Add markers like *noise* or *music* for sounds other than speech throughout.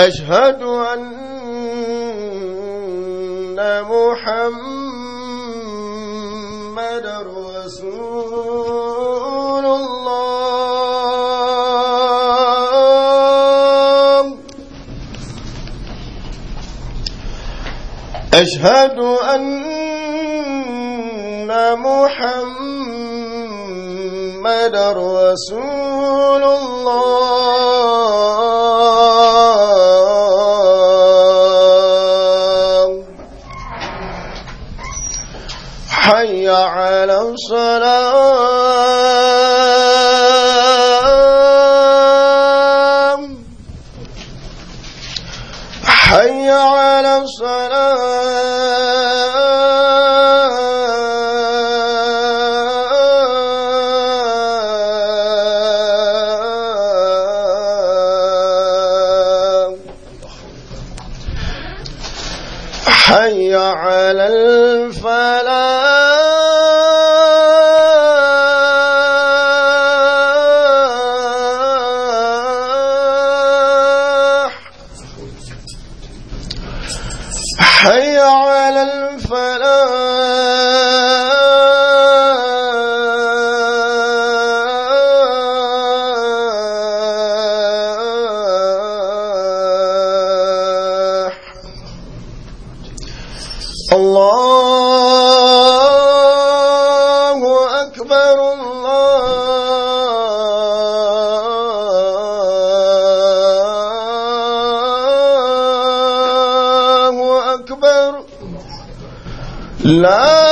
أشهد أن محمد رسول الله أشهد أن محمد رسول الله على الصلاه لا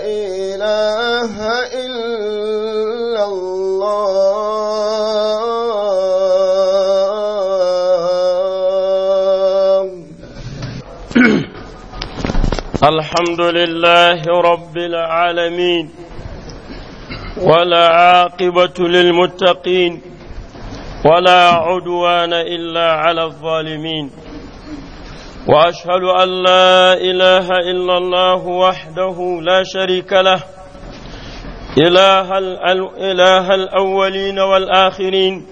إله إلا الله *coughs* الحمد لله رب العالمين ولا عاقبة للمتقين ولا عدوان إلا على الظالمين واشهد ان لا اله الا الله وحده لا شريك له اله, إله الاولين والاخرين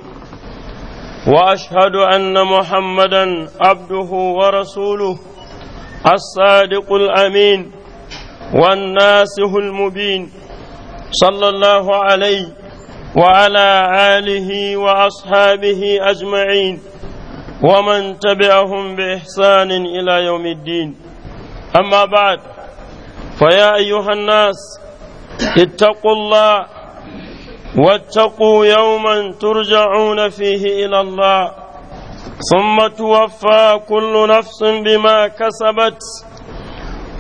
واشهد ان محمدا عبده ورسوله الصادق الامين والناسه المبين صلى الله عليه وعلى اله واصحابه اجمعين ومن تبعهم باحسان الى يوم الدين اما بعد فيا ايها الناس اتقوا الله واتقوا يوما ترجعون فيه الى الله ثم توفى كل نفس بما كسبت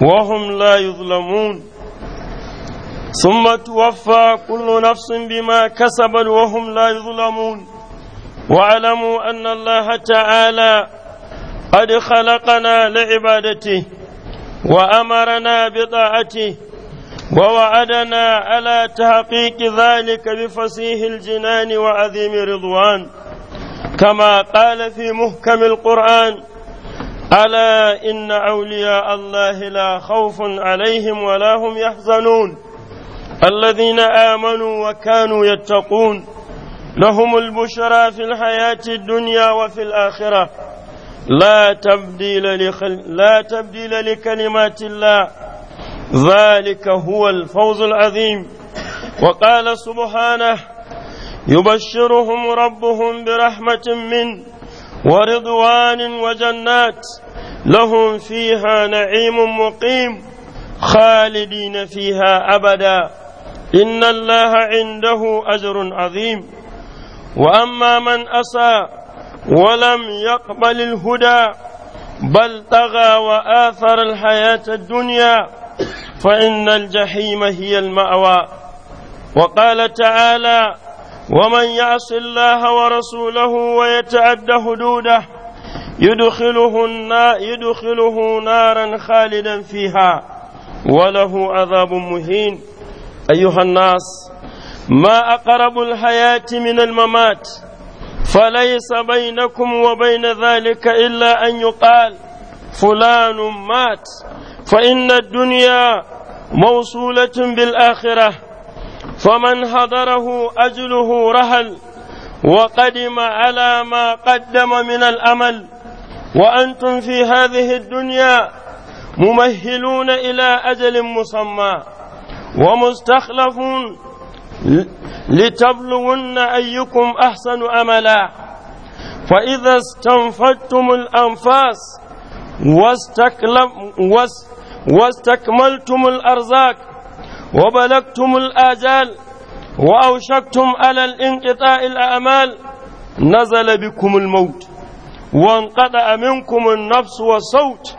وهم لا يظلمون ثم توفى كل نفس بما كسبت وهم لا يظلمون واعلموا أن الله تعالى قد خلقنا لعبادته وأمرنا بطاعته ووعدنا على تحقيق ذلك بفصيح الجنان وعظيم رضوان كما قال في محكم القرآن ألا إن أولياء الله لا خوف عليهم ولا هم يحزنون الذين آمنوا وكانوا يتقون لهم البشرى في الحياة الدنيا وفي الآخرة لا تبديل لخل... لا تبديل لكلمات الله ذلك هو الفوز العظيم وقال سبحانه يبشرهم ربهم برحمة من ورضوان وجنات لهم فيها نعيم مقيم خالدين فيها أبدا إن الله عنده أجر عظيم واما من اسى ولم يقبل الهدى بل طغى واثر الحياه الدنيا فان الجحيم هي الماوى وقال تعالى ومن يعص الله ورسوله ويتعد حدوده يدخله النار يدخله نارا خالدا فيها وله عذاب مهين ايها الناس ما أقرب الحياة من الممات فليس بينكم وبين ذلك إلا أن يقال فلان مات فإن الدنيا موصولة بالآخرة فمن حضره أجله رهل وقدم على ما قدم من الأمل وأنتم في هذه الدنيا ممهلون إلى أجل مسمى ومستخلفون لتبلغن أيكم أحسن أملا فإذا استنفدتم الأنفاس واستكملتم الأرزاق وبلغتم الآجال وأوشكتم على الانقطاع الأعمال نزل بكم الموت وانقطع منكم النفس والصوت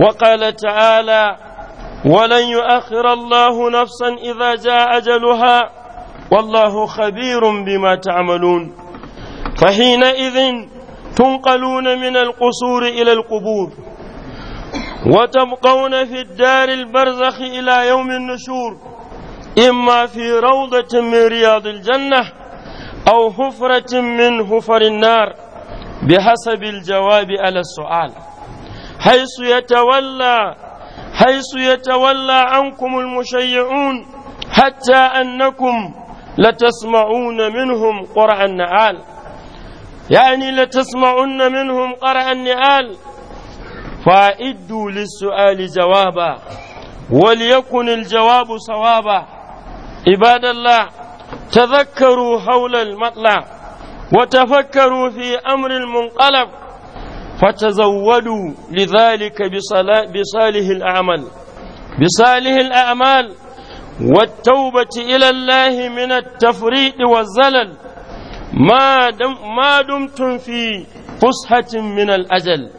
وقال تعالى ولن يؤخر الله نفسا إذا جاء أجلها والله خبير بما تعملون فحينئذ تنقلون من القصور الى القبور وتبقون في الدار البرزخ الى يوم النشور اما في روضه من رياض الجنه او حفره من حفر النار بحسب الجواب على السؤال حيث يتولى حيث يتولى عنكم المشيعون حتى انكم لتسمعون منهم قرع النعال يعني لتسمعن منهم قرع النعال فأعدوا للسؤال جوابا وليكن الجواب صوابا عباد الله تذكروا حول المطلع وتفكروا في أمر المنقلب فتزودوا لذلك بصالح الأعمال بصالح الأعمال والتوبة إلى الله من التفريط والزلل ما, دم ما دمتم في فسحة من الأجل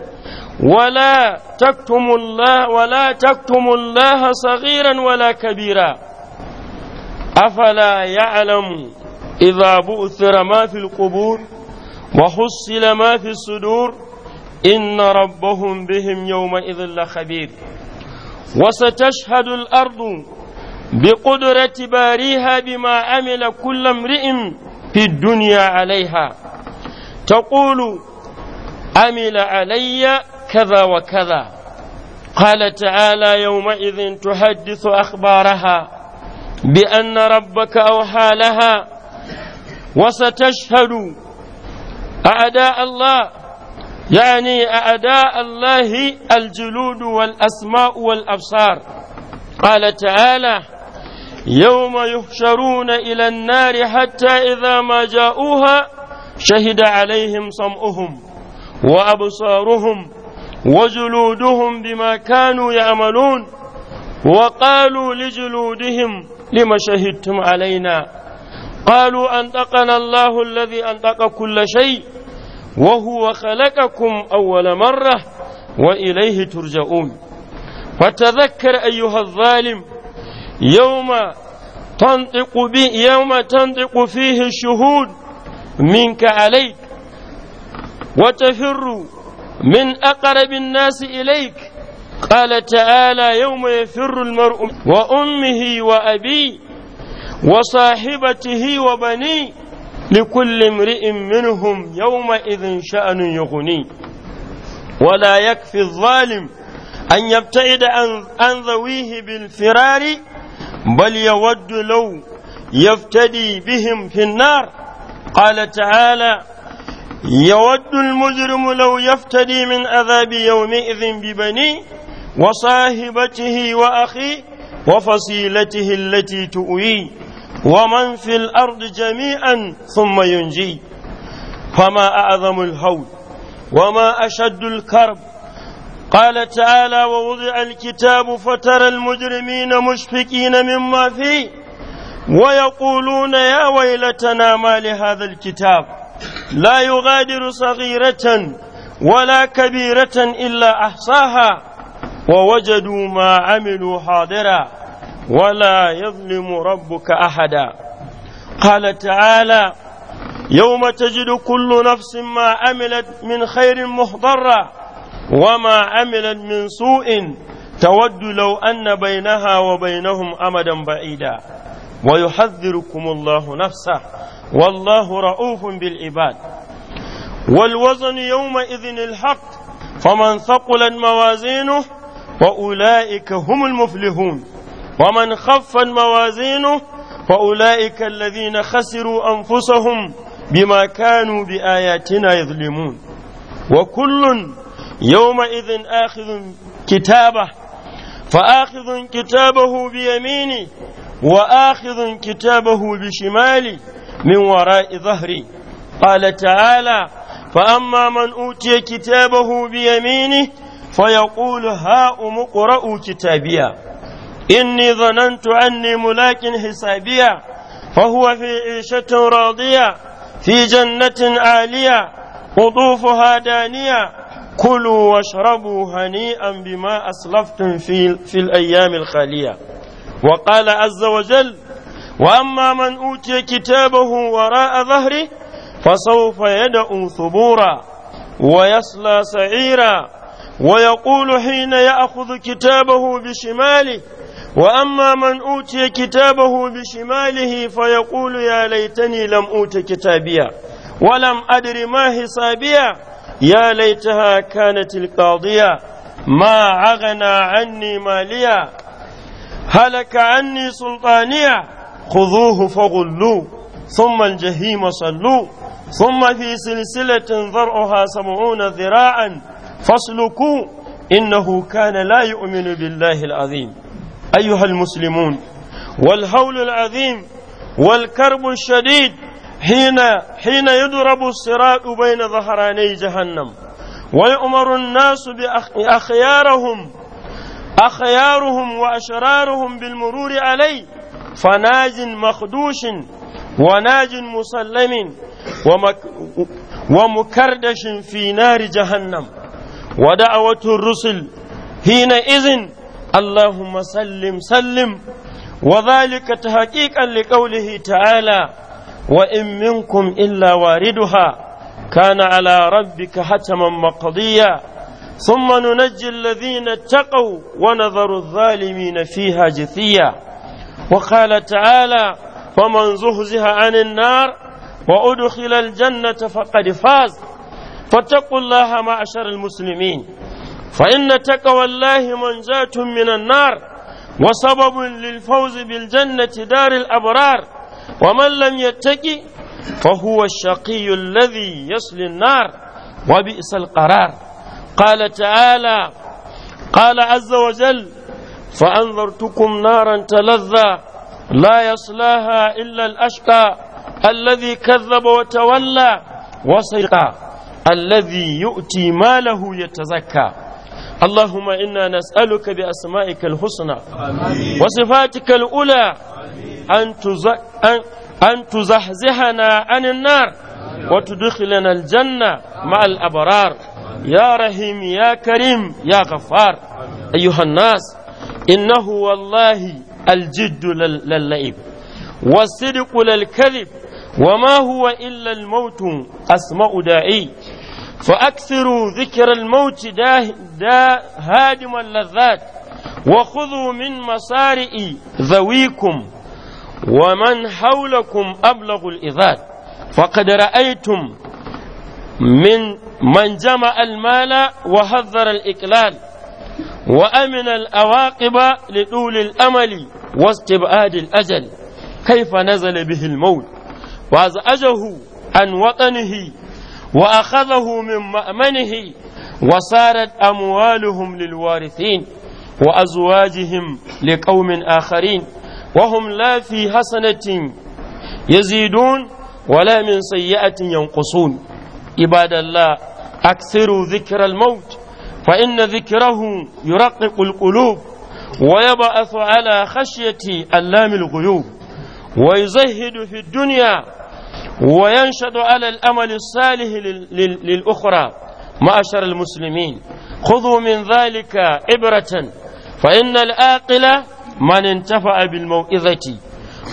ولا تكتم الله ولا تكتم الله صغيرا ولا كبيرا أفلا يعلم إذا بؤثر ما في القبور وحصل ما في الصدور إن ربهم بهم يومئذ لخبير وستشهد الأرض بقدرة باريها بما عمل كل امرئ في الدنيا عليها تقول عمل علي كذا وكذا قال تعالى يومئذ تحدث أخبارها بأن ربك أوحى لها وستشهد أعداء الله يعني أعداء الله الجلود والأسماء والأبصار قال تعالى يوم يحشرون إلى النار حتى إذا ما جاءوها شهد عليهم صمؤهم وأبصارهم وجلودهم بما كانوا يعملون وقالوا لجلودهم لم شهدتم علينا قالوا أنطقنا الله الذي أنطق كل شيء وهو خلقكم أول مرة وإليه ترجعون فتذكر أيها الظالم يوم تنطق به يوم تنطق فيه الشهود منك عليك وتفر من أقرب الناس إليك قال تعالى يوم يفر المرء وأمه وأبيه وصاحبته وبنيه لكل امرئ منهم يومئذ شأن يغني ولا يكفي الظالم أن يبتعد عن ذويه بالفرار بل يود لو يفتدي بهم في النار قال تعالى يود المجرم لو يفتدي من عذاب يومئذ ببنيه وصاحبته واخيه وفصيلته التي تؤوي ومن في الارض جميعا ثم ينجي فما اعظم الهول وما اشد الكرب قال تعالى ووضع الكتاب فترى المجرمين مشفقين مما فيه ويقولون يا ويلتنا ما لهذا الكتاب لا يغادر صغيرة ولا كبيرة إلا أحصاها ووجدوا ما عملوا حاضرا ولا يظلم ربك أحدا قال تعالى يوم تجد كل نفس ما عملت من خير محضرا وما عملت من سوء تود لو أن بينها وبينهم أمدا بعيدا ويحذركم الله نفسه والله رؤوف بالعباد والوزن يومئذ الحق فمن ثقلت موازينه فأولئك هم المفلحون ومن خفت موازينه فأولئك الذين خسروا أنفسهم بما كانوا بآياتنا يظلمون وكل يومئذ آخذ كتابه فآخذ كتابه بيميني وآخذ كتابه بشمالي من وراء ظهري قال تعالى فأما من أوتي كتابه بيمينه فيقول هاؤم اقرأوا كتابيا إني ظننت أني ملاك حسابيا فهو في عيشة راضية في جنة عالية قطوفها دانية kulu wa sharabu hani an bi ma aslaftun fil ayyamil khaliya wa qala azza wa jal amma man utiya kitabahu wara'a dhahri fa sawfa yad'u thubura wa yasla sa'ira wa yaqulu hina ya'khudhu kitabahu bi shimali wa amma man utiya kitabahu bi shimalihi fa yaqulu ya laitani lam uta kitabiya wa lam adri ma hisabiya يا ليتها كانت القاضية ما أغنى عني ماليا هلك عني سلطانيا خذوه فغلوه ثم الجحيم صلوه ثم في سلسلة ذرعها سبعون ذراعا فاسلكوا إنه كان لا يؤمن بالله العظيم أيها المسلمون والهول العظيم والكرب الشديد حين حين يضرب الصراط بين ظهراني جهنم ويؤمر الناس بأخيارهم أخيارهم وأشرارهم بالمرور عليه فناج مخدوش وناج مسلم ومك ومكردش في نار جهنم ودعوة الرسل حينئذ اللهم سلم سلم وذلك تحقيقا لقوله تعالى وإن منكم إلا واردها كان على ربك حتما مقضيا ثم ننجي الذين اتقوا ونذر الظالمين فيها جثيا وقال تعالى فمن زهزه عن النار وأدخل الجنة فقد فاز فاتقوا الله معشر المسلمين فإن تقوى الله منجاة من النار وسبب للفوز بالجنة دار الأبرار ومن لم يتقي فهو الشقي الذي يصل النار وبئس القرار قال تعالى قال عز وجل فأنذرتكم نارا تلظى لا يصلاها إلا الأشقى الذي كذب وتولى وسيقى الذي يؤتي ماله يتزكى اللهم إنا نسألك بأسمائك الحسنى وصفاتك الأولى an tuzahzihana anin nar wa tudkhilana aljanna ma al abrar ya rahim ya karim ya ghaffar ayyuha nas innahu wallahi الجد للعب والصدق للكذب وما هو إلا الموت أسماء داعي فأكثروا ذكر الموت دا دا هادم اللذات وخذوا من مصارئ ذويكم ومن حولكم أبلغ الإذاد فقد رأيتم من من جمع المال وحذر الإكلال وأمن الأواقب لطول الأمل واستبعاد الأجل كيف نزل به الموت وأزعجه عن وطنه وأخذه من مأمنه وصارت أموالهم للوارثين وأزواجهم لقوم آخرين وهم لا في حسنة يزيدون ولا من سيئة ينقصون عباد الله أكثروا ذكر الموت فإن ذكره يرقق القلوب ويبعث على خشية اللام الغيوب ويزهد في الدنيا وينشد على الأمل الصالح للأخرى معشر المسلمين خذوا من ذلك عبرة فإن الآقلة man a bil mau'izati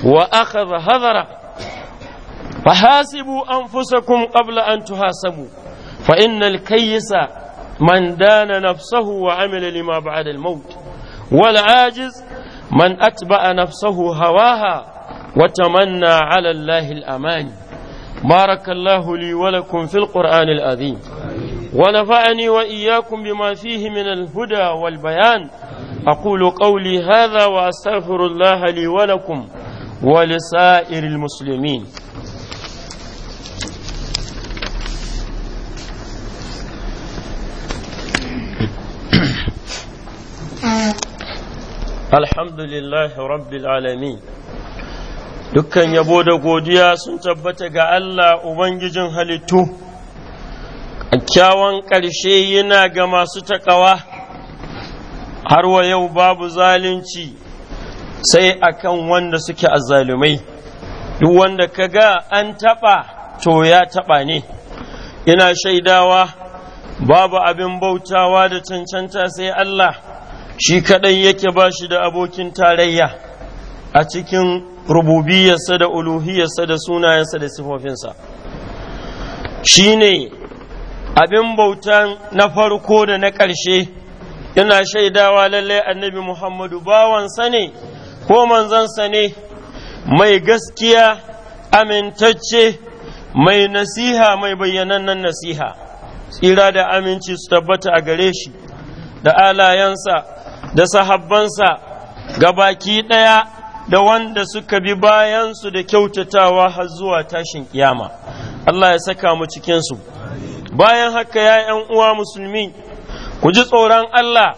wa akhadha hadara fahasibu anfusakum qabla an tuhasabu fa innal kayyisa man dana nafsahu wa amila lima ba'da al maut wal ajiz man atba'a nafsahu hawaha wa tamanna 'ala allahi al amani بارك الله لي ولكم في القرآن العظيم ونفعني وإياكم بما فيه من الهدى والبيان أقول قولي هذا وأستغفر الله لي ولكم ولسائر المسلمين الحمد لله رب العالمين dukkan yabo da godiya sun tabbata ga Allah Ubangijin halittu, kyawun ƙarshe yana ga masu taƙawa. har wa yau babu zalunci sai akan wanda suke azzalumai duk wanda ka ga an taɓa to ya taɓa ne ina shaidawa babu abin bautawa da cancanta sai Allah shi kaɗai yake ba shi da abokin tarayya a cikin rububiyarsa da uluhiyarsa da sunayensa da sifofinsa shi ne abin bautan na farko da na ƙarshe ina shaidawa lallai annabi Muhammadu bawansa ne ko manzansa ne mai gaskiya amintacce mai nasiha mai bayyanannen nasiha tsira da aminci su tabbata a gare shi da alayensa da sahabbansa ga baki ɗaya da wanda suka bi bayansu da kyautatawa har zuwa tashin kiyama Allah ya saka mu cikinsu bayan haka ya uwa musulmi ku ji tsoron Allah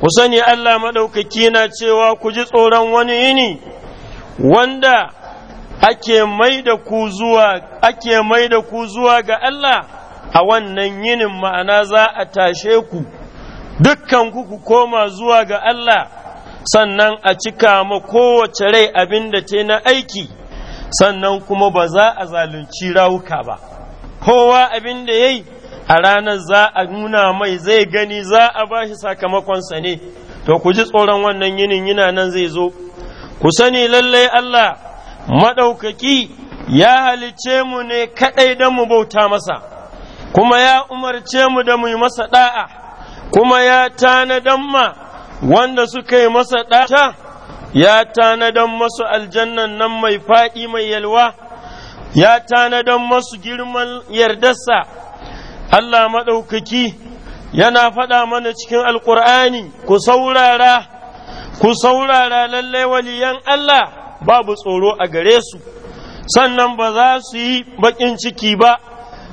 ku sani Allah maɗaukaki na cewa ku ji tsoron wani yini wanda ake mai da ku zuwa ake mai da ku zuwa ga Allah a wannan yinin ma'ana za a tashe ku dukkan ku ku koma zuwa ga Allah sannan a cika ma kowace rai abin da ta na aiki sannan kuma ba za a zalunci rawuka ba kowa abin da ya yi a ranar za a nuna mai zai gani za a ba shi sakamakonsa ne to ku ji tsoron wannan yinin yana nan zai zo ku sani lallai Allah maɗaukaki ya halice mu ne kaɗai don mu bauta masa kuma ya umarce mu da mu yi masa ɗa'a kuma ya tanadan ma wanda suka yi masa ɗata ya tanadan masu aljannan nan mai faɗi mai yalwa ya tanadan masu girman yardarsa Allah maɗaukaki yana faɗa mana cikin alƙur'ani ku saurara ku saurara lallai waliyan Allah babu tsoro a gare su sannan ba za su yi baƙin ciki ba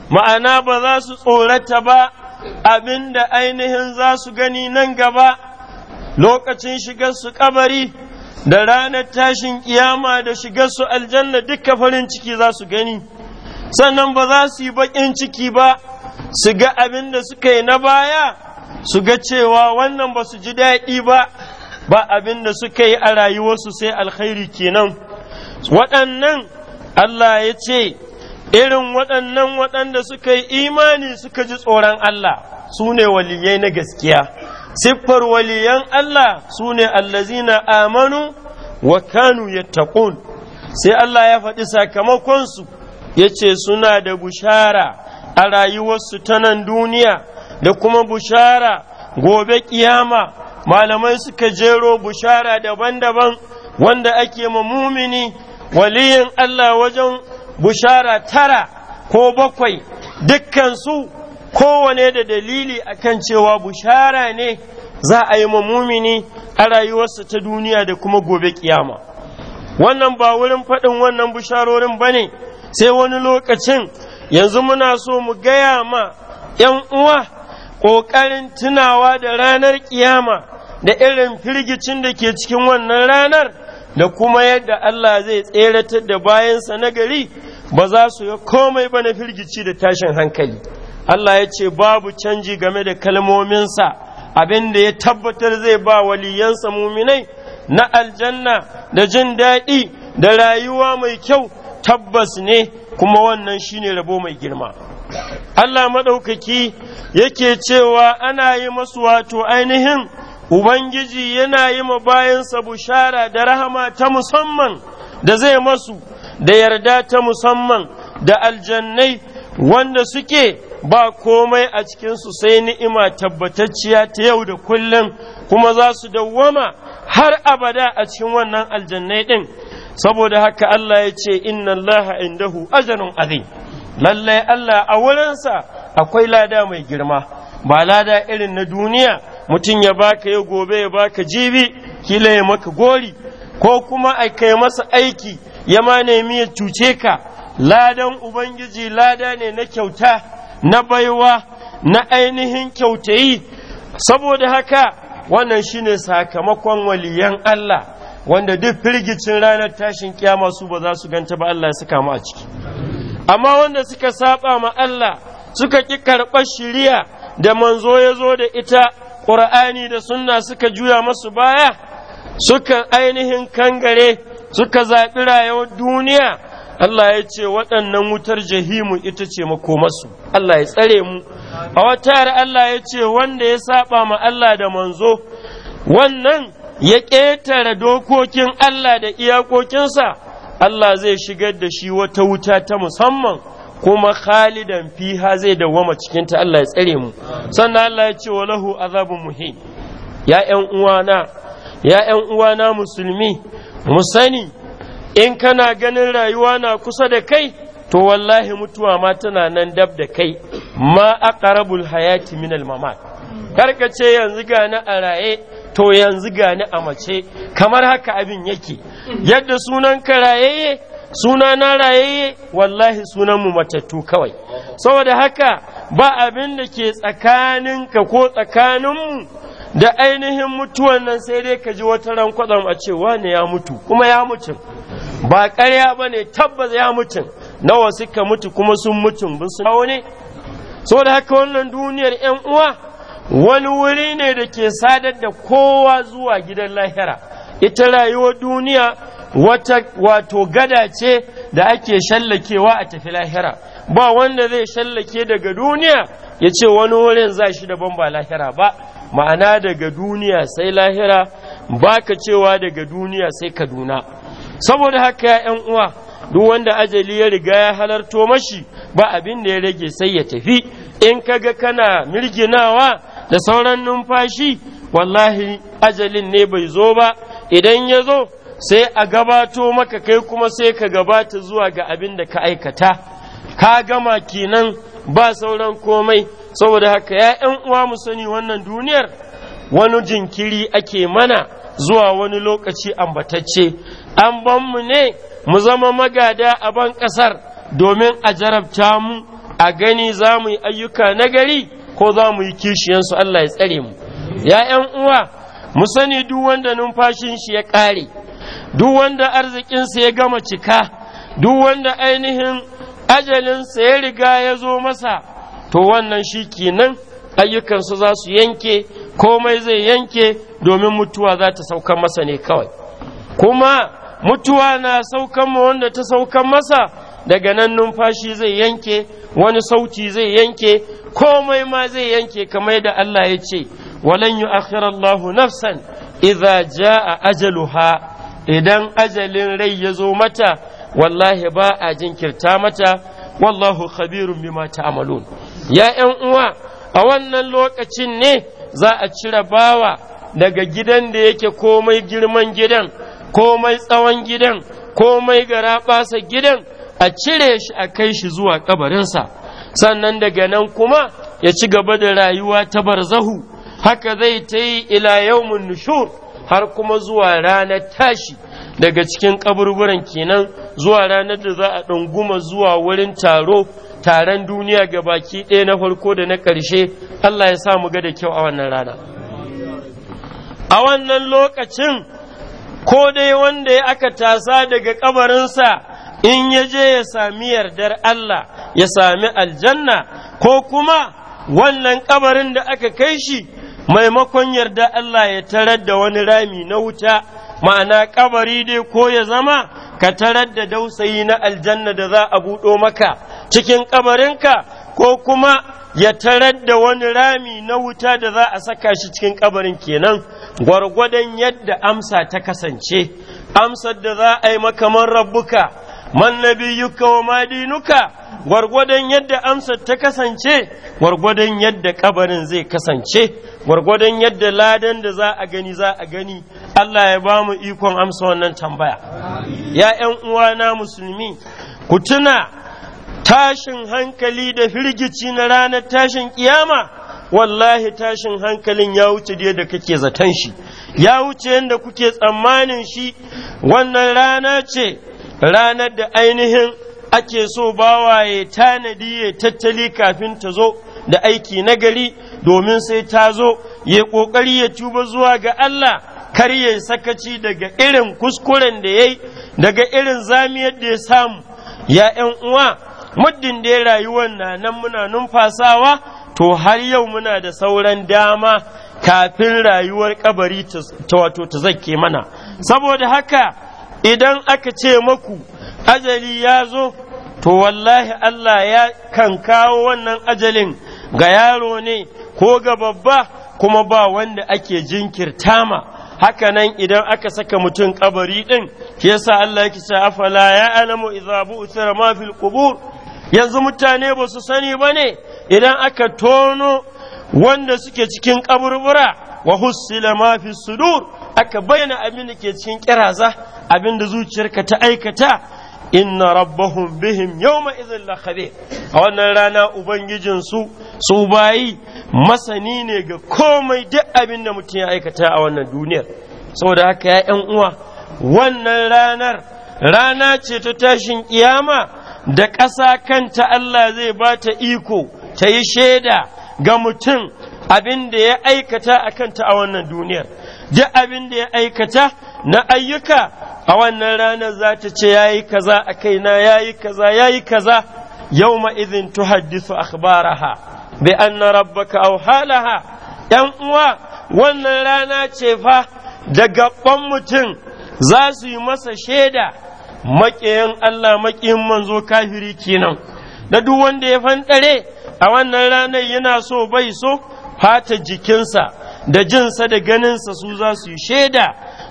ma'ana ba za su tsorata ba abinda ainihin za su gani nan gaba lokacin shigar su kabari da ranar tashin kiyama da shigar su aljanna duka farin ciki za su gani sannan ba za su yi baƙin ciki ba su ga abin da suka yi na baya su ga cewa wannan ba su ji daɗi ba ba abin da suka yi a rayuwarsu sai alkhairi kenan waɗannan Allah ya ce irin waɗannan waɗanda suka yi imani suka ji tsoron Allah su ne waliyai na gaskiya siffar waliyan Allah su ne allazina amanu wa kanu yattaqun sai Allah ya faɗi sakamakonsu ya ce suna da bushara a rayuwarsu ta nan duniya da kuma bushara gobe kiyama malamai suka jero bushara daban-daban wanda ake ma mumini waliyin Allah wajen bushara tara ko bakwai dukkansu kowane da dalili akan cewa bushara ne za a yi ma mumini a rayuwarsa ta duniya da kuma gobe kiyama wannan ba wurin faɗin wannan bisharorin ba ne sai wani lokacin yanzu muna so mu gaya ma ‘yan uwa ƙoƙarin tunawa da ranar ƙiyama da irin firgicin da ke cikin wannan ranar da kuma yadda Allah zai tseratar da bayansa na gari ba za su yi komai ba na firgici da tashin hankali. Allah ya ce babu canji game da kalmominsa abin da ya tabbatar zai ba waliyansa muminai na aljanna da jin daɗi da rayuwa mai kyau tabbas ne kuma wannan shi ne rabo mai girma Allah maɗaukaki yake cewa ana yi masu wato ainihin Ubangiji yana yi ma bayansa bushara da rahama ta musamman da zai masu da yarda ta musamman da aljannai wanda suke ba komai a cikinsu sai ni'ima tabbatacciya ta yau da kullum kuma za su dawwama har abada a cikin wannan aljannai ɗin saboda haka Allah ya ce inna Allah indahu ajrun azim lallai Allah a wurinsa akwai lada mai girma ba lada irin na duniya mutum ya baka ya gobe ya baka jibi kila ya maka gori ko kuma a kai masa aiki ya ma nemi ya cuce ka ladan ubangiji lada ne na kyauta na baiwa na ainihin kyautayi saboda haka wannan shine sakamakon waliyan Allah wanda duk firgicin ranar tashin kiyama su ba za su ganta ba Allah ya saka mu a ciki amma wanda suka saba ma Allah suka ki karɓar shiriya da manzo ya zo da ita ƙur'ani da sunna suka juya masu baya suka ainihin kangare suka zaɓi rayuwar duniya Allah ya ce waɗannan wutar jahimu ita ce makomarsu Allah ya tsare mu a wata Allah ya ce wanda ya saba ma Allah da manzo wannan ya ƙetare dokokin Allah da iyakokinsa Allah zai shigar da shi wata wuta ta musamman kuma khalidan fiha zai dawwama cikinta Allah ya tsare mu sannan Allah ya ce wa lahu azabun muhin ya uwana ya yan uwana musulmi mu sani in kana ganin rayuwa na kusa da kai to wallahi mutuwa ma tana nan dab da kai ma aqrabul hayati minal al mamat karka ce yanzu gani a raye to yanzu gani a mace kamar haka abin yake yadda sunan ka rayaye suna na rayaye wallahi sunanmu matattu kawai saboda haka ba abin da ke tsakaninka ko tsakaninmu da ainihin mutuwan nan sai dai ka ji wata ran a ce wane ya mutu kuma ya mutu ba karya ba ne tabbas ya mutum nawa suka mutu kuma sun mutum bin su ne saboda haka wannan duniyar 'yan uwa wani wuri ne da ke sadar da kowa zuwa gidan lahira ita rayuwar duniya wata wato gada ce da ake shallakewa a tafi lahira ba wanda zai shallake daga duniya ya ce wani wurin za shi daban ba lahira ba ma'ana daga duniya sai lahira Ba ka cewa daga duniya sai kaduna saboda haka ‘yan uwa duk wanda ajali ya riga ya halarto mashi ba abin da ya rage sai ya tafi in kaga kana mirginawa da sauran numfashi wallahi ajalin ne bai zo ba idan ya zo sai a gabato maka kai kuma sai ka gabata zuwa ga abin da ka aikata ka gama kenan ba sauran komai saboda haka ya uwa mu sani wannan duniyar wani jinkiri ake mana zuwa wani lokaci ambatacce an ban mu ne mu zama magada a ban ƙasar domin a jarabta mu a gani za mu yi ayyuka na gari ko za mu yi kishiyansu Allah ya tsare mu ya ‘yan uwa mu sani duk wanda numfashin shi ya ƙare duk wanda arzikinsa ya gama cika duk wanda ainihin ajalinsa ya riga ya zo masa to wannan shi nan, ayyukansa za su yanke komai zai yanke domin mutuwa za ta saukan masa ne kawai kuma mutuwa na saukan ma wanda ta saukan masa daga nan numfashi zai yanke wani sauti zai yanke komai ma zai yanke kamar da Allah ya ce walan yu akhirallahu nafsan idza jaa ajaluha idan ajalin rai ya zo mata wallahi ba a jinkirta mata wallahu khabirun bima ta'malun ya yan uwa a wannan lokacin ne za a cire bawa daga gidan da yake komai girman gidan komai tsawon gidan komai gara gidan a cire shi a kai shi zuwa kabarinsa sannan daga nan kuma ya ci gaba da rayuwa ta barzahu haka zai ta yi ila yawmin nushur har kuma zuwa ranar tashi daga cikin kaburburan kenan zuwa ranar da za a ɗunguma zuwa wurin taro taron duniya ga baki ɗaya na farko da na ƙarshe Allah ya sa mu ga da kyau a wannan rana a wannan lokacin ko dai wanda ya aka tasa daga kabarinsa in ya je ya sami yardar Allah ya sami aljanna ko kuma wannan kabarin da aka kai shi maimakon yarda Allah ya tarar da wani rami na wuta ma'ana kabari dai ko ya zama ka tarar da dausayi na aljanna da za a buɗo maka cikin kabarinka ko kuma ya tarar da wani rami na wuta da za a saka shi cikin kabarin kenan gwargwadon yadda amsa ta kasance amsar da za a yi makaman rabbuka man nabiyyuka wa madinuka dinuka gwargwadon yadda amsar ta kasance gwargwadon yadda kabarin zai kasance gwargwadon yadda ladan da za a gani za a gani Allah ya ba mu ikon amsa wannan tambaya ya ‘yan uwana musulmi ku tuna tashin hankali da firgici na ranar tashin kiyama wallahi tashin hankalin ya wuce da kake zaton shi ya wuce yadda kuke tsammanin shi wannan rana ce ranar da ainihin ake so ya tanadi ya tattali kafin ta zo da aiki nagari domin sai ta zo ya ƙoƙari ya tuba zuwa ga Allah kar ya sakaci daga irin kuskuren da ya yi daga irin zamiyar da ya samu ya ‘yan uwa muddin da ya rayuwar na nan muna numfasawa to har yau muna da sauran dama kafin rayuwar kabari ta wato ta zake mana saboda haka idan aka ce maku ajali ya zo to wallahi Allah ya kan kawo wannan ajalin ga yaro ne ko ga babba kuma ba wanda ake jinkirta ma haka nan idan aka saka mutum kabari din yasa Allah yake sa afala ya alamu idza bu'thira ma fil qubur yanzu mutane ba su sani ne, idan aka tono wanda suke cikin kaburbura wa hussila ma fi sudur aka bayyana abin da ke cikin kiraza abin da zuciyarka ta aikata inna rabbahum bihim yawma idhin la a wannan rana ubangijin su su bayi masani ne ga komai duk abin da mutum ya aikata a wannan duniyar saboda haka ya yan uwa wannan ranar rana ce ta tashin kiyama da ƙasa kanta Allah zai ba ta iko ta yi shaida ga mutum abin da ya aikata a kanta a wannan duniyar duk abin da ya aikata na ayyuka a wannan ranar za ta ce ya yi kaza a kaina ya yi kaza ya yi kaza yau ma'izin tuhaddisu akhbaraha bi anna rabbaka aw halaha ‘yan uwa wannan rana ce fa da gaban mutum za su yi masa shaida maƙiyin Allah maƙiyin manzo kafiri kenan da duk wanda ya fanɗare a wannan ranar yana so bai so fata jikinsa da jinsa da ganinsa su za su yi shaida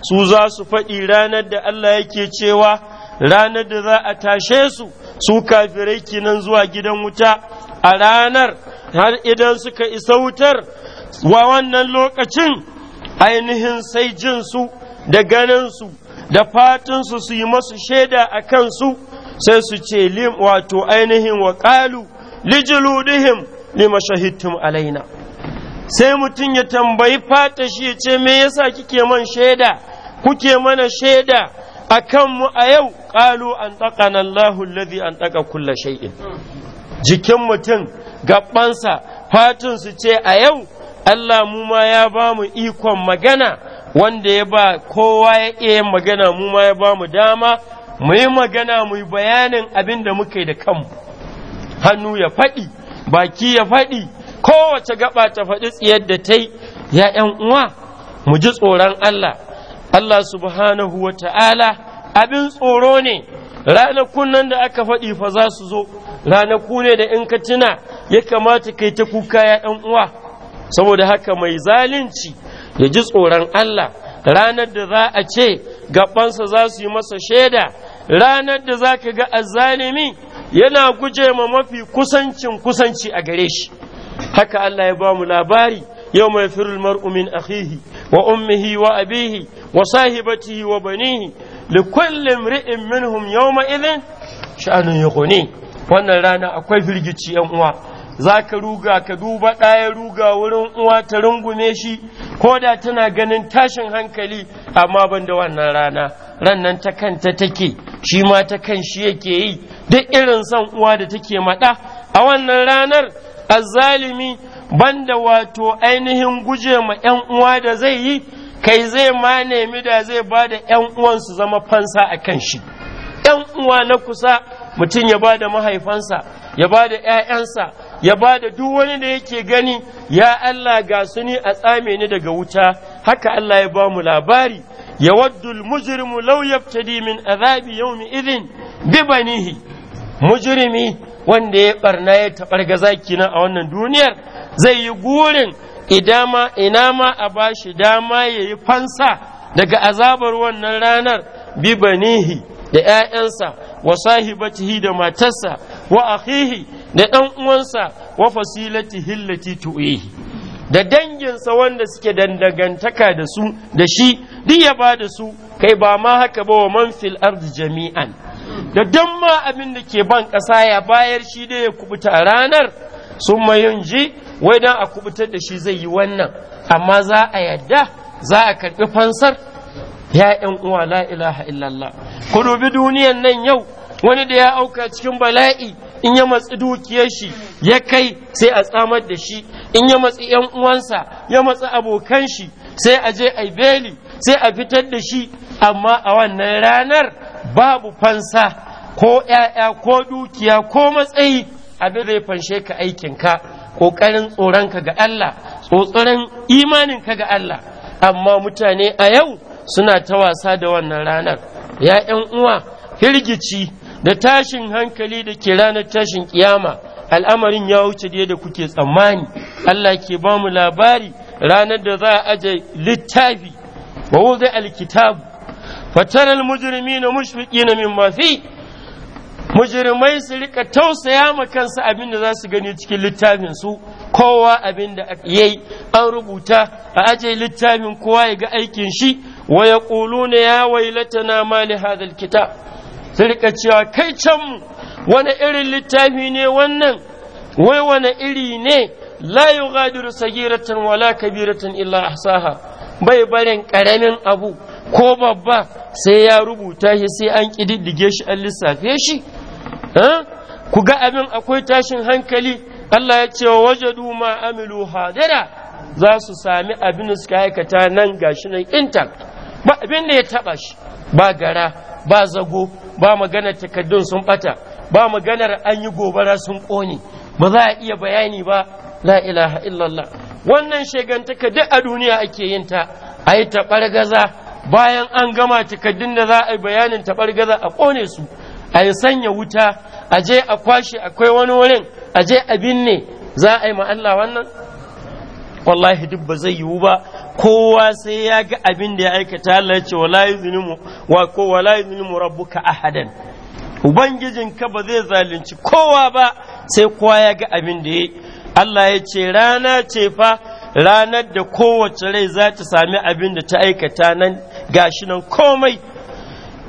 su za su faɗi ranar da Allah yake cewa ranar da za a tashe su su kafirai kinan zuwa gidan wuta a ranar har idan suka isa wutar wa wannan lokacin ainihin sai jinsu da ganinsu da fatinsu su yi masu shaida a kansu sai su ce lim wato ainihin wa ƙalu lijiludihim lima shahittum alaina sai mutum ya tambayi fata shi ya ce me yasa kike man shaida kuke mana shaida a kanmu a yau ƙalu an tsaka na alladhi an tsaka kulla shay'in jikin mutum gabansa fatin su ce a yau Allah mu ma ya ba mu ikon magana wanda ya ba kowa ya iya magana mu ma ya ba mu dama mu yi magana mu yi bayanin abin da muka yi da kanmu hannu ya faɗi baki ya faɗi kowace gaba ta faɗi tsiyar da ta yi ya ‘yan uwa mu ji tsoron Allah Allah subhanahu wa ta'ala abin tsoro ne ranakun nan da aka faɗi fa za su zo ranaku ne da in ka tuna ya kamata kai ta kuka ya ɗan uwa saboda haka mai zalunci ya ji tsoron Allah ranar da za a ce gabansa za su yi masa shaida ranar da za ka ga azzalimi yana guje ma mafi kusancin kusanci a gare shi haka Allah ya ba mu labari yau mai firul mar'u min akhihi wa ummihi wa abihi wa sahibatihi wa banihi li kulli imri'in minhum yawma idhin sha'anun yughni wannan rana akwai firgici yan uwa zaka ruga ka duba ɗaya ruga wurin uwa ta rungume shi ko da tana ganin tashin hankali amma ban da wannan rana rannan ta kanta take shi ma ta kan shi yake yi duk irin son uwa da take maɗa a wannan ranar azzalimi banda wato ainihin guje ma ‘yan uwa da zai yi, kai zai ma nemi da zai ba da ‘yan uwan su zama fansa a kan shi. ‘Yan uwa na kusa mutum ya ba da mahaifansa, ya ba da ‘ya'yansa, ya ba da duk wani da yake gani, ya Allah ga su ni a tsame ni daga wuta, haka Allah ya ba mu labari. ya يود المجرم لو يبتدي azabi yawmi يوم bi ببنيه Mujrimi wanda ya barna ya tabar zaki na a wannan duniyar zai yi gurin idama ina ma a bashi dama ya yi fansa daga azabar wannan ranar bi banihi da ‘ya'yansa wa sahibatihi da matarsa wa akhihi da ɗan uwansa wa fasilati hillati tu'ihi da danginsa wanda suke dandagantaka da su da shi duk ya ba da su kai ba ma haka ba wa man fil ardi jami'an da don ma abin da ke ban ƙasa ya bayar shi da ya kubuta ranar sun mayun ji wai don a kubutar da shi zai yi wannan amma za a yadda za a karɓi fansar ya ‘yan uwa la ilaha illallah ku dubi duniyan nan yau wani da ya auka cikin bala'i in ya matsi dukiyar shi ya kai sai a tsamar da shi in ya matsi ‘yan uwansa ya matsi abokan shi sai a je a beli sai a fitar da shi amma a wannan ranar babu fansa ko ‘ya'ya ko dukiya ko matsayi abin da ya fanshe ka aikinka ƙoƙarin tsoronka ga Allah tsotsoron imaninka ga Allah amma mutane a yau suna ta wasa da wannan ranar Ya'yan uwa hirgici da tashin hankali da ke ranar tashin kiyama al'amarin ya wuce da yadda kuke tsammani Allah ke ba mu labari ranar da za a aje littafi wa zai alkitabu فترى المجرمين مشفقين مما فيه mujirmai su rika tausaya ma kansu abin da za su gani cikin littafin su kowa abin da ya yi an rubuta a aje littafin kowa ya ga aikin shi wa ya na ya wailatana ma li hadal kita. su rika cewa kai can mu wani irin littafi ne wannan wai wani iri ne la yughadiru sagiratan wala kabiratan illa ahsaha bai barin karamin abu ko babba sai ya rubuta shi sai an ƙididdige shi an lissafe shi ku ga abin akwai tashin hankali Allah ya ce wajadu ma amilu hadira za su sami abin da suka aikata nan gashi nan intan. ba abin da ya taba shi ba gara ba zago ba maganar takaddun sun bata ba maganar an yi gobara sun ƙone, ba za a iya bayani ba la ilaha illallah wannan shegantaka duk a duniya ake yin ta a yi ta bayan an gama takaddun da za a yi bayanin gaza a ƙone su a yi sanya wuta a je a kwashe akwai wani wurin a je a binne za a yi ma Allah wannan wallahi duk ba zai yiwu ba kowa sai ya ga abin da ya aikata Allah ya ce wala yuzlimu wa ko wala yuzlimu rabbuka ahadan ubangijinka ba zai zalunci kowa ba sai kowa ya ga abin da ya Allah ya ce rana ce fa ranar da kowace rai za ta sami abin da ta aikata nan shi nan komai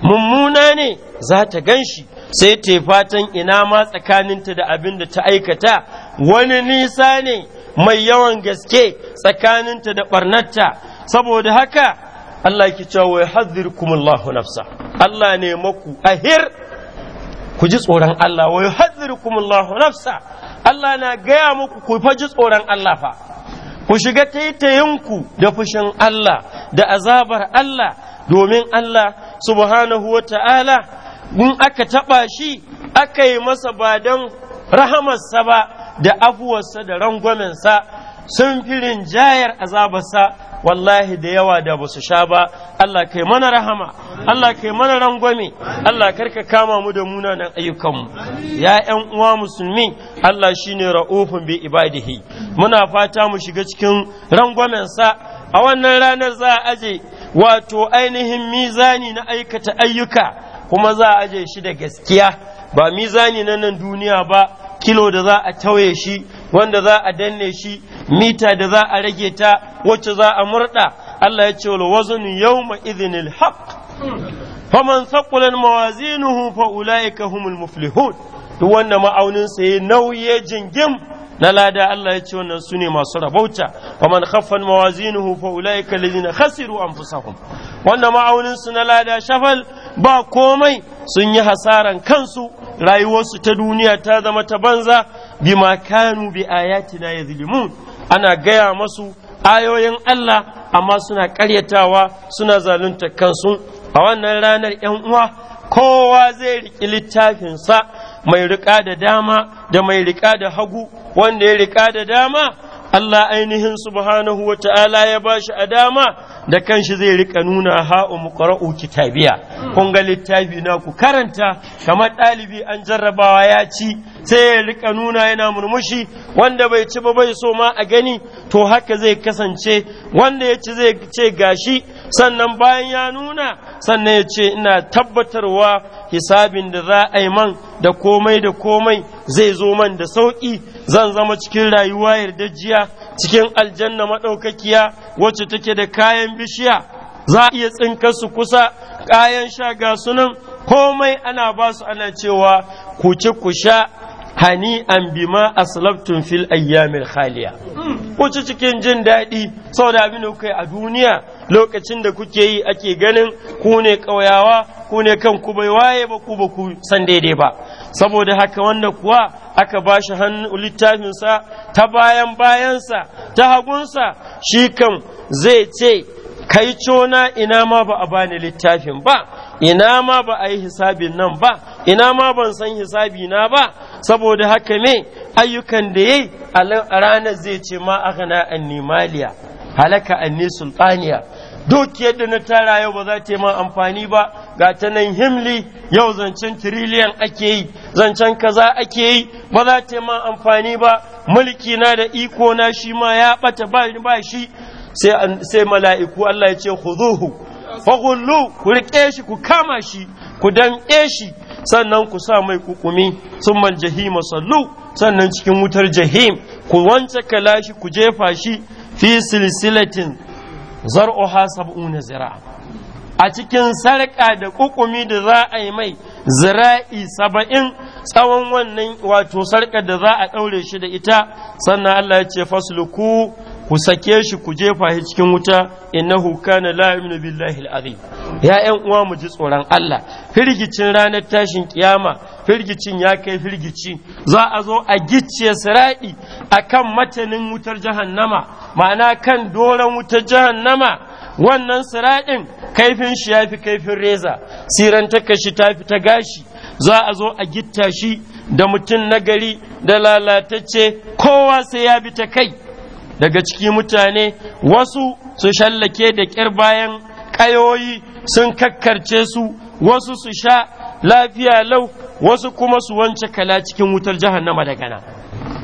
mummuna ne za ta gan shi sai ta fatan ina ma tsakaninta da abin da ta aikata wani nisa ne mai yawan gaske tsakaninta da barnatta saboda haka Allah ki cewa ya hazzirkumullahu nafsa Allah ne maku ahir ku ji tsoron Allah wa yuhadhdhirukumullahu nafsa Allah na gaya muku ku fa tsoron Allah fa ku shiga taitayinku da fushin Allah da azabar Allah domin Allah subhanahu wa ta'ala in aka taɓa shi aka yi masa ba don rahamarsa ba da afuwarsa da rangwamensa sun firin jayar azabarsa wallahi da yawa da ba su sha ba Allah kai mana rahama Allah kai mana rangwame Allah karka kama mu da munanan ayyukanmu ya ƴan uwa musulmi Allah shine ra'ufun bi ibadihi muna fata mu shiga cikin rangwamen sa a wannan ranar za a aje wato ainihin mizani na aikata ayyuka kuma za a aje shi da gaskiya ba mizani na nan duniya ba kilo da za a tauye shi wanda za a danne shi mita da za a rage ta wacce za a murda Allah ya ce wal wazn yawma idhinil haqq faman thaqulan mawazinuhu fa ulaika humul muflihun duk wanda ma'aunin sa nauye nauyi jingim na lada Allah ya ce wannan su ne masu rabauta wa man khaffan mawazinuhu fa ulaika khasiru anfusahum wanda ma'aunin su na lada shafal ba komai sun yi hasaran kansu rayuwarsu ta duniya ta zama ta banza ma kanu bi ayatina yazlimun ana gaya masu ayoyin Allah amma suna karyatawa suna zalunta kansu a wannan ranar 'yan uwa kowa zai riƙi sa mai riƙa da dama da mai riƙa da hagu wanda ya riƙa da dama Allah ainihin subhanahu wa ta'ala ya ba shi a dama da kanshi zai rika nuna ha'u muqra'u kitabiya kun ga littafi na ku karanta kamar ɗalibi an jarrabawa ya ci sai ya rika nuna yana murmushi wanda bai ci ba bai so ma a gani to haka zai kasance wanda ya ci zai ce gashi sannan bayan ya nuna sannan ya ce ina tabbatarwa hisabin da za a yi man da komai da komai zai zo man da sauƙi zan zama cikin rayuwa yardajiya cikin aljanna maɗaukakiya wacce take da kayan bishiya za a iya tsinkar su kusa kayan sha ga sunan komai ana ba su ana cewa ku ci ku sha hani an bima aslabtum fil ayyamil khaliya wuce cikin jin daɗi da abin da yi a duniya lokacin da kuke yi ake ganin ku ne ƙauyawa ku ne kan ku bai waye ba ku ba ku san daidai ba saboda haka wanda kuwa aka ba shi hannu littafinsa ta bayan bayansa ta hagunsa shi kan zai ce kai cona ina ma ba a bani littafin ba ina ma ba a yi hisabin nan ba ina ma ban san hisabi na ba saboda haka me ayyukan da yayi a ranar zai ce ma aghna anni maliya halaka anni sultaniya dukiyar da na tara yau ba za ta yi ma amfani ba ga ta nan himli yau zancen tiriliyan ake yi zancen kaza ake yi ba za ta yi ma amfani ba mulki na da iko na shi ma ya bata ba shi sai mala'iku Allah ya ce fagullu ku riƙe shi ku kama shi ku danƙe shi sannan ku sa mai kukumi sun mal jahima sallu sannan cikin wutar jahim ku wance kalashi ku jefa shi fi silsilatin zar'uha sab'una zira a cikin sarƙa da kukumi da za a yi mai zira'i saba'in tsawon wannan wato sarƙa da za a ɗaure shi da ita sannan Allah ya ce fasluku ku sake shi ku jefa shi cikin wuta innahu kana la yu'minu billahi al-azim ya ƴan uwa mu ji tsoron Allah firgicin ranar tashin kiyama firgicin ya kai firgici za a zo a gicciye a akan matanin wutar jahannama ma'ana kan doron wutar jahannama wannan siradin kaifin shi yafi kaifin reza siran ta kashi ta fi ta gashi za a zo a gitta shi da mutum nagari da lalatacce kowa sai ya bi ta kai daga ciki mutane wasu su shallake da ƙyar bayan ƙayoyi sun kakkarce su wasu su sha lafiya lau wasu kuma su wance kala cikin wutar jahannama da gana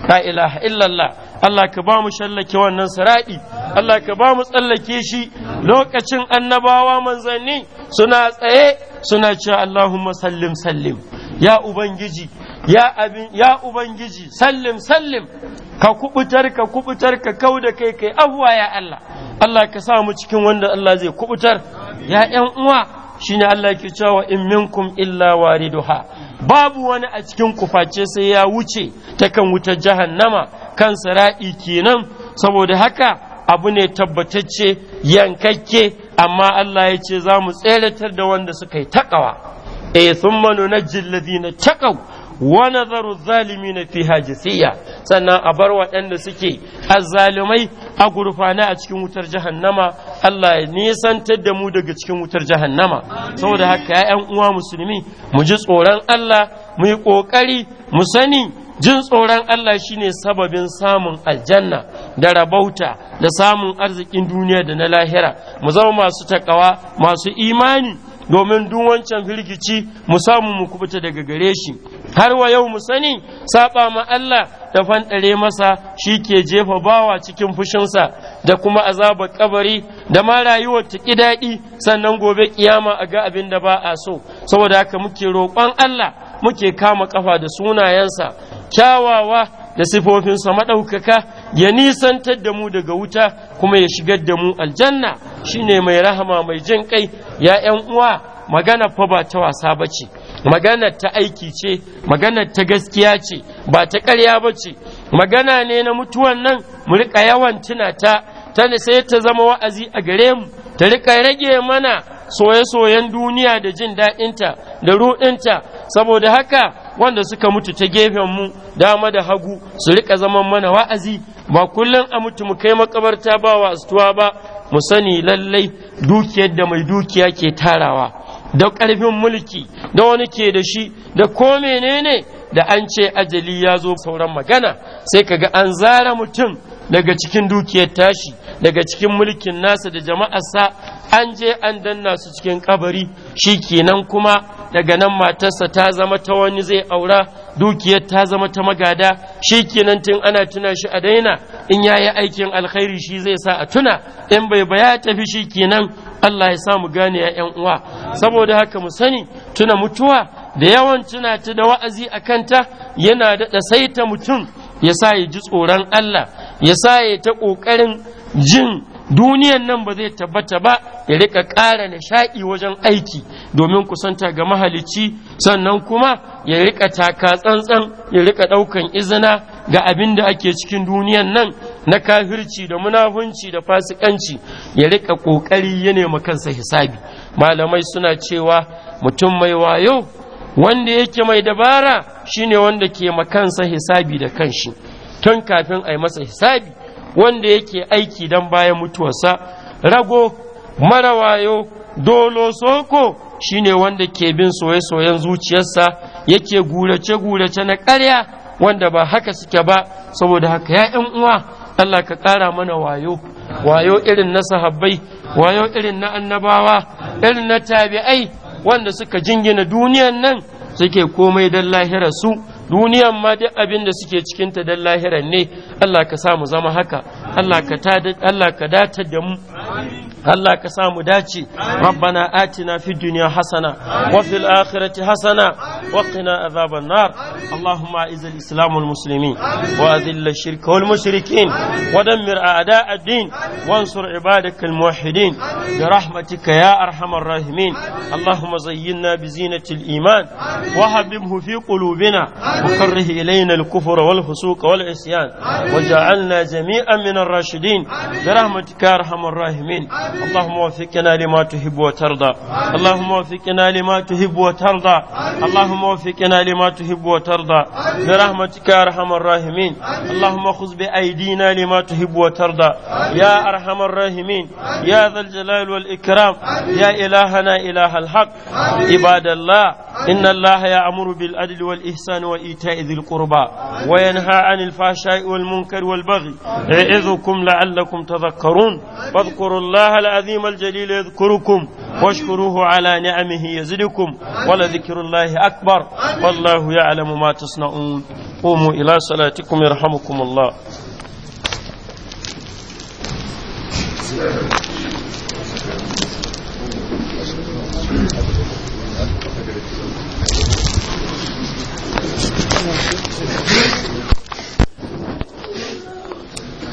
la ilaha illallah Allah ka ba mu shallake wannan saraɗi. Allah ka ba mu tsallake shi lokacin annabawa manzanni suna tsaye suna cewa Allahumma sallim sallim ya ubangiji ya abin ya ubangiji sallim sallim ka kubutar ka kubutar ka kau da kai kai abuwa ya Allah Allah ka sa mu cikin wanda Allah zai kubutar ya ƴan uwa shine Allah ke cewa in minkum illa wariduha babu wani a cikin kuface sai ya wuce ta kan wuta jahannama kan sara'i kenan saboda haka abu ne tabbatacce yankakke amma Allah ya ce za mu tseratar da wanda suka yi takawa eh na nunajjil na taƙau. wa nazaru zalimina fi hajisiya sannan a bar waɗanda suke azzalumai a gurfana a cikin wutar jahannama Allah ya nisantar da mu daga cikin wutar jahannama saboda haka ya'yan uwa musulmi mu ji tsoron Allah mu yi ƙoƙari mu sani jin tsoron Allah shine sababin samun aljanna da rabauta da samun arzikin duniya da na lahira mu zama masu takawa masu imani domin duk wancan firgici mu samu mu kubuta daga gare shi har wa yau mu sani saba ma Allah da fanɗare masa shi ke jefa bawa cikin fushinsa da kuma azabar kabari da ma rayuwar ta ki sannan gobe kiyama a ga abin da ba a so saboda haka muke roƙon Allah muke kama ƙafa da sunayensa kyawawa da sifofinsa maɗaukaka ya nisantar da mu daga wuta kuma ya shigar da mu aljanna shine mai rahama mai jin kai ya 'yan uwa magana fa ba ta wasa bace maganar ta aiki ce maganar ta gaskiya ce ba ta ƙarya ba ce magana ne na mutuwan nan mu rika yawan tuna ta ta sai ta zama wa'azi a gare mu ta rika rage mana soye-soyen duniya da jin daɗinta da ruɗinta saboda haka wanda suka mutu ta gefen mu dama da hagu su rika zaman mana wa'azi ba kullum a mutu mu kai makabarta ba wa ba mu sani lallai dukiyar da mai dukiya ke tarawa da ƙarfin mulki da wani ke da shi da ko menene da an ce ajali ya zo sauran magana sai kaga an zara mutum daga cikin dukiyar tashi daga cikin mulkin nasa da jama'arsa an je an danna su cikin kabari shi kenan kuma daga nan matarsa ta zama ta wani zai aura dukiyar ta zama ta magada shi kenan tun ana tuna shi a daina in ya yi aikin alkhairi shi zai sa a tuna in bai baya tafi shi kenan Allah ya samu gane ya ‘yan uwa, saboda haka mu sani tuna mutuwa da yawan tuna ta da wa'azi a kanta yana da saita mutum ya sa ya ji tsoron Allah, ya sa ya ta ƙoƙarin jin duniyan nan ba zai tabbata ba ya rika ƙara nishaɗi wajen aiki domin kusanta ga mahalicci sannan kuma ya rika taka tsantsan ya rika ɗaukan izina ga abin da ake cikin duniyan nan na kafirci da munafunci da fasikanci ya rika kokari ya nema kansa hisabi malamai suna cewa mutum mai wayo wanda yake mai dabara shine wanda ke makansa hisabi da kanshi tun kafin a yi masa hisabi wanda yake aiki don bayan mutuwarsa rago mara wayo dolo soko shine wanda ke bin soye-soyen zuciyarsa yake gurace-gurace na karya, wanda ba haka suke ba saboda haka ya uwa Allah ka ƙara mana wayo wayo irin na sahabbai wayo irin na annabawa irin na tabi'ai wanda suka jingina duniyan nan suke komai don lahira su duniyan ma duk abin da suke cikinta don lahiran ne Allah ka sa mu zama haka Allah ka datar da mu Allah ka samu dace rabbana atina fi dunya hasana wa fil akhirati hasana wa qina azaban nar allahumma a'iz al islam wal muslimin wa adhill ash-shirk wal mushrikin wa dammir a'da ad-din wansur ibadak al muwahhidin bi rahmatika ya arhamar rahimin allahumma zayyinna bi zinati al iman wa habibhu fi qulubina wa karrih ilayna al kufra wal fusuq wal isyan waj'alna jami'an min ar-rashidin bi rahmatika ya arhamar rahimin اللهم وفقنا لما تحب وترضى اللهم وفقنا لما تحب وترضى اللهم وفقنا لما تحب وترضى برحمتك يا ارحم الراحمين اللهم خذ بايدينا لما تحب وترضى يا ارحم الراحمين يا ذا الجلال والاكرام يا الهنا اله الحق عباد الله إن الله يأمر بالعدل والإحسان وإيتاء ذي القربى وينهى عن الفحشاء والمنكر والبغي يعظكم لعلكم تذكرون فاذكروا الله العظيم الجليل يذكركم واشكروه على نعمه يزدكم ولذكر الله أكبر والله يعلم ما تصنعون قوموا إلى صلاتكم يرحمكم الله Thank you.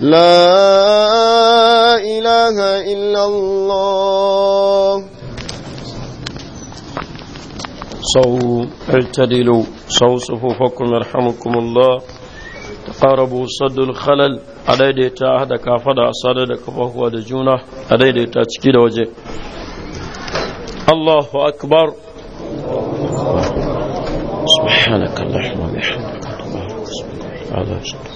لا إله إلا الله صو اعتدلوا صو صفوفكم يرحمكم الله تقاربوا صد الخلل أديدي تاهد كافدا أصاد كفه ودجونة أديدي تاتكيد وجه الله أكبر سبحانك اللهم وبحمدك الله أكبر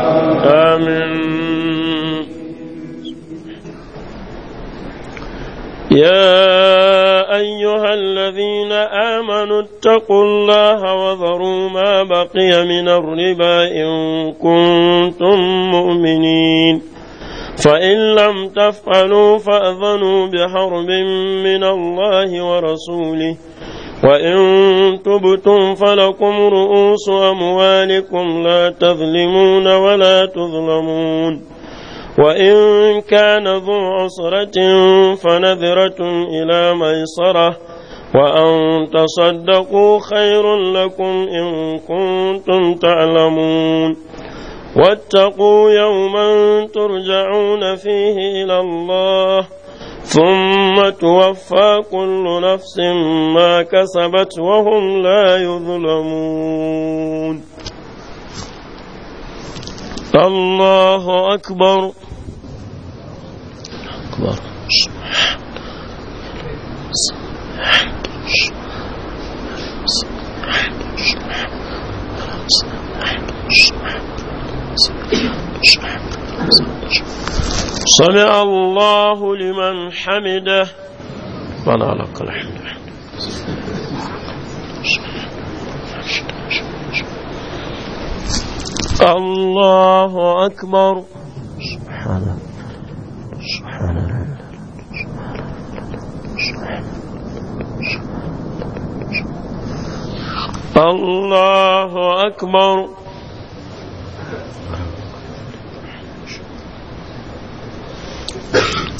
آمين يا أيها الذين آمنوا اتقوا الله وذروا ما بقي من الربا إن كنتم مؤمنين فإن لم تفعلوا فأذنوا بحرب من الله ورسوله وإن تبتم فلكم رؤوس أموالكم لا تظلمون ولا تظلمون وإن كان ذو عسرة فنذرة إلى ميسرة وأن تصدقوا خير لكم إن كنتم تعلمون واتقوا يوما ترجعون فيه إلى الله ۖ ثم توفى كل نفس ما كسبت وهم لا يظلمون الله أكبر أكبر سمع الله لمن حمده ربنا لك الحمد الله أكبر سبحان سبحان الله أكبر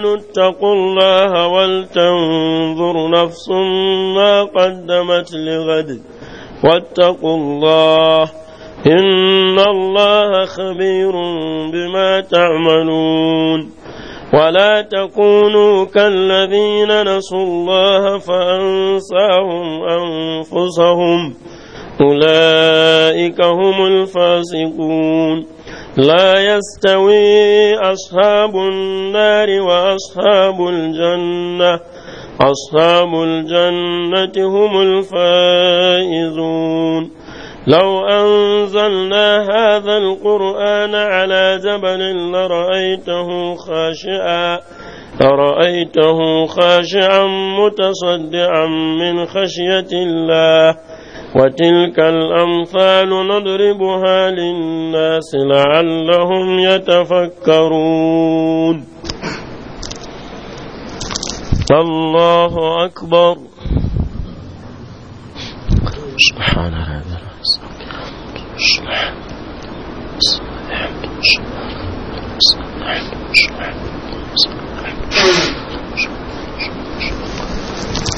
آمنوا اتقوا الله ولتنظر نفس ما قدمت لغد واتقوا الله إن الله خبير بما تعملون ولا تكونوا كالذين نسوا الله فأنساهم أنفسهم أولئك هم الفاسقون لا يستوي أصحاب النار وأصحاب الجنة أصحاب الجنة هم الفائزون لو أنزلنا هذا القرآن على جبل لرأيته خاشعا لرأيته خاشعا متصدعا من خشية الله وتلك الأمثال نضربها للناس لعلهم يتفكرون الله أكبر سبحان هذا Thank سبحان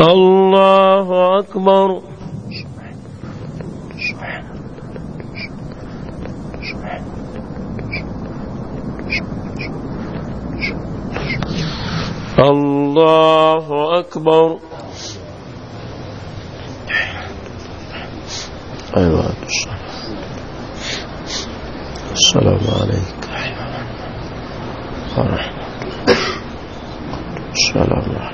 الله أكبر الله أكبر أيوة السلام عليك ورحمة الله السلام عليك